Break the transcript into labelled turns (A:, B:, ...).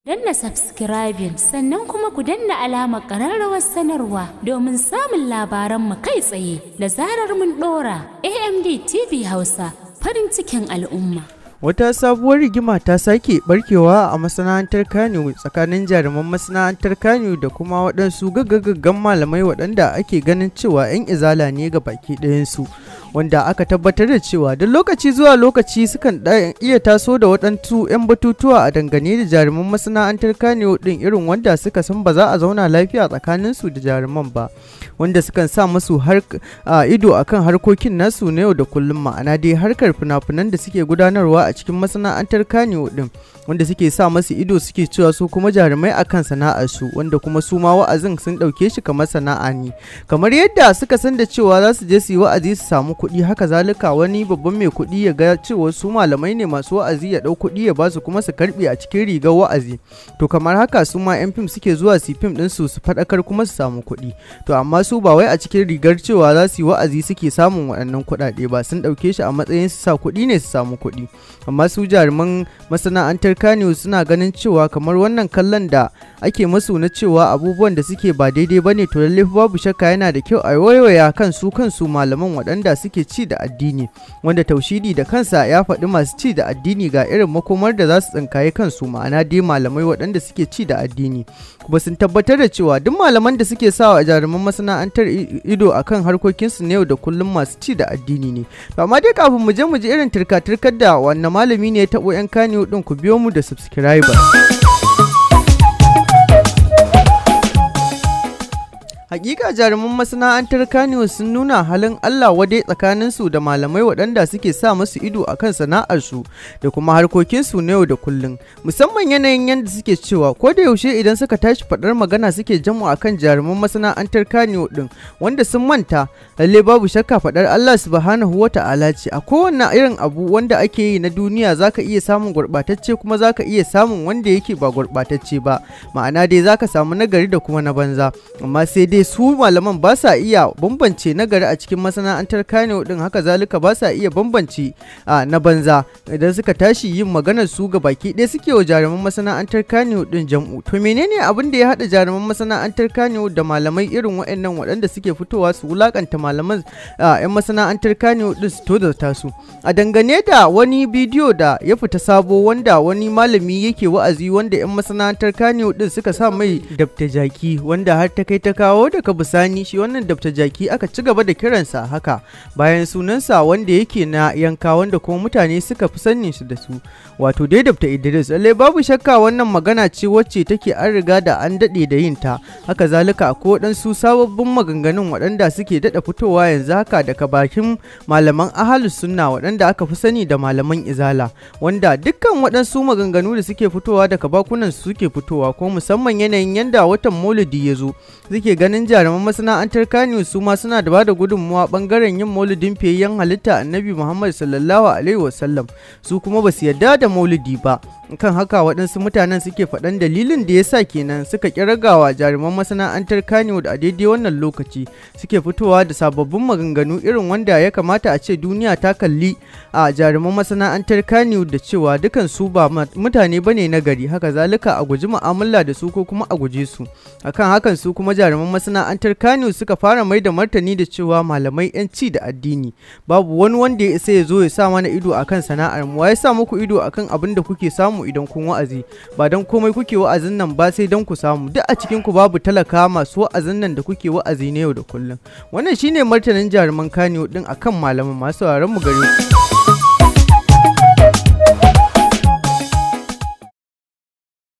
A: danna subscribing sannan kuma ku danna alamar ƙararrawar sanarwa domin samun labaranmu kai tsaye da zarar mun ɗora amd tv hausa farin cikin al'umma wata sabuwar rigima ta sake barkewa a masana'antar kano tsakanin jaruman masana'antar kano da kuma waɗansu gaggagaggan malamai waɗanda ake ganin cewa 'yan izala ne ga baki ɗayansu wanda aka tabbatar da cewa duk lokaci zuwa lokaci sukan iya taso da waɗansu 'yan batutuwa a dangane da jaruman masana'antar kano ɗin irin wanda suka san ba za a zauna lafiya tsakaninsu da jaruman ba wanda sukan sa musu ido akan harkokin nasu na yau da kullum ma'ana dai harkar fina-finan da suke gudanarwa a cikin masana'antar Kano din wanda suke sa masu ido suke cewa su kuma jarumai akan sana'ar su wanda kuma su ma wa'azin sun ɗauke shi kamar sana'a ne kamar yadda suka san da cewa za su je su yi wa'azi su samu kuɗi haka zalika wani babban mai kuɗi ya ga cewa su malamai ne masu wa'azi ya ɗau kuɗi ya ba su kuma su karɓe a cikin rigar wa'azi to kamar haka su ma 'yan fim suke zuwa su fim ɗin su su faɗakar kuma su samu kuɗi to amma su ba wai a cikin rigar cewa za su yi wa'azi suke samun waɗannan kuɗaɗe ba sun ɗauke shi a matsayin su sa kuɗi ne su samu kuɗi amma su jaruman masana'antar kaniyu suna ganin cewa kamar wannan kallon da ake masu na cewa abubuwan da suke ba daidai ba ne to lalle babu shakka yana da kyau a waiwaya kan su kansu malaman waɗanda suke ci da addini wanda taushidi da kansa ya faɗi masu ci da addini ga irin makomar da za su tsinkaye kansu ma'ana dai malamai waɗanda suke ci da addini kuma sun tabbatar da cewa duk malaman da suke sawa jaruman masana'antar ido akan harkokinsu na yau da kullum masu ci da addini ne amma dai kafin mu je mu ji irin turka-turkar da wannan malami ne ya taɓo 'yan kaniyo ɗin ku biyo mu da subscriber. Hakika jaruman masana'antar Kano sun nuna halin Allah wade tsakaninsu da malamai waɗanda suke sa masu ido akan sana'ar su da kuma harkokinsu na yau da kullum. Musamman yanayin yadda suke cewa ko da yaushe idan suka tashi faɗar magana suke jamu akan kan jaruman masana'antar Kano ɗin wanda sun manta lalle babu shakka faɗar Allah subhanahu wa ta'ala ce a kowane irin abu wanda ake yi na duniya zaka iya samun gurɓatacce kuma zaka iya samun wanda yake ba gurɓatacce ba ma'ana dai zaka samu nagari da kuma na banza amma sai dai su malaman ba sa iya bambance nagari a cikin masana'antar Kano din haka zalika ba sa iya bambance na banza idan suka tashi yin maganar su ga baki ɗaya suke wa jaruman masana'antar Kano din jam'u. To menene abin da ya haɗa jaruman masana'antar Kano da malamai irin waɗannan waɗanda suke fitowa su wulakanta malaman 'yan masana'antar Kano din su tozarta su. A dangane da wani bidiyo da ya fita sabo wanda wani malami yake wa'azi wanda 'yan masana'antar Kano din suka sa mai dabta jaki wanda har ta kai ta kawo ko ka bisani shi wannan dabta jaki aka ci gaba da kiransa haka bayan sunansa wanda yake na yanka wanda kuma mutane suka fi sanin shi da su wato dai dabta idris lallai babu shakka wannan magana ce wacce take an riga da an dade da yin ta haka zalika ko waɗansu sababbin maganganun waɗanda suke daɗa fitowa yanzu haka daga bakin malaman ahalus sunna waɗanda aka fi sani da malaman izala wanda dukkan waɗansu maganganu da suke fitowa daga bakunan suke fitowa ko musamman yanayin yanda watan maulidi ya zo suke ganin dukkanin jaruman masana'antar Kano su ma suna da bada gudunmuwa bangaren yin maulidin fiyayyen halitta Annabi Muhammad sallallahu alaihi wasallam su kuma ba su yarda da maulidi ba kan haka waɗansu mutanen suke faɗan dalilin da ya sa kenan suka kiragawa jaruman masana'antar kanewood a daidai wannan lokaci suke fitowa da sababbin maganganu irin wanda ya kamata a ce duniya ta kalli a jaruman masana'antar kanewood da cewa dukan su ba mutane bane na gari haka zalika a guji mu'amala da su ko kuma a guje su akan hakan su kuma jaruman masana'antar kanewood suka fara mai da martani da cewa malamai yanci, da addini babu wani wanda ya isa ya zo ya sa mana ido akan sana'ar mu ya sa muku ido akan abin da kuke samu samu idan kun wa'azi ba don komai kuke wa'azin nan ba sai don ku samu duk a cikin ku babu talaka masu wa'azin nan da kuke wa'azi na yau da kullum wannan shine martanin jaruman kaniyo din akan malaman masu mu gari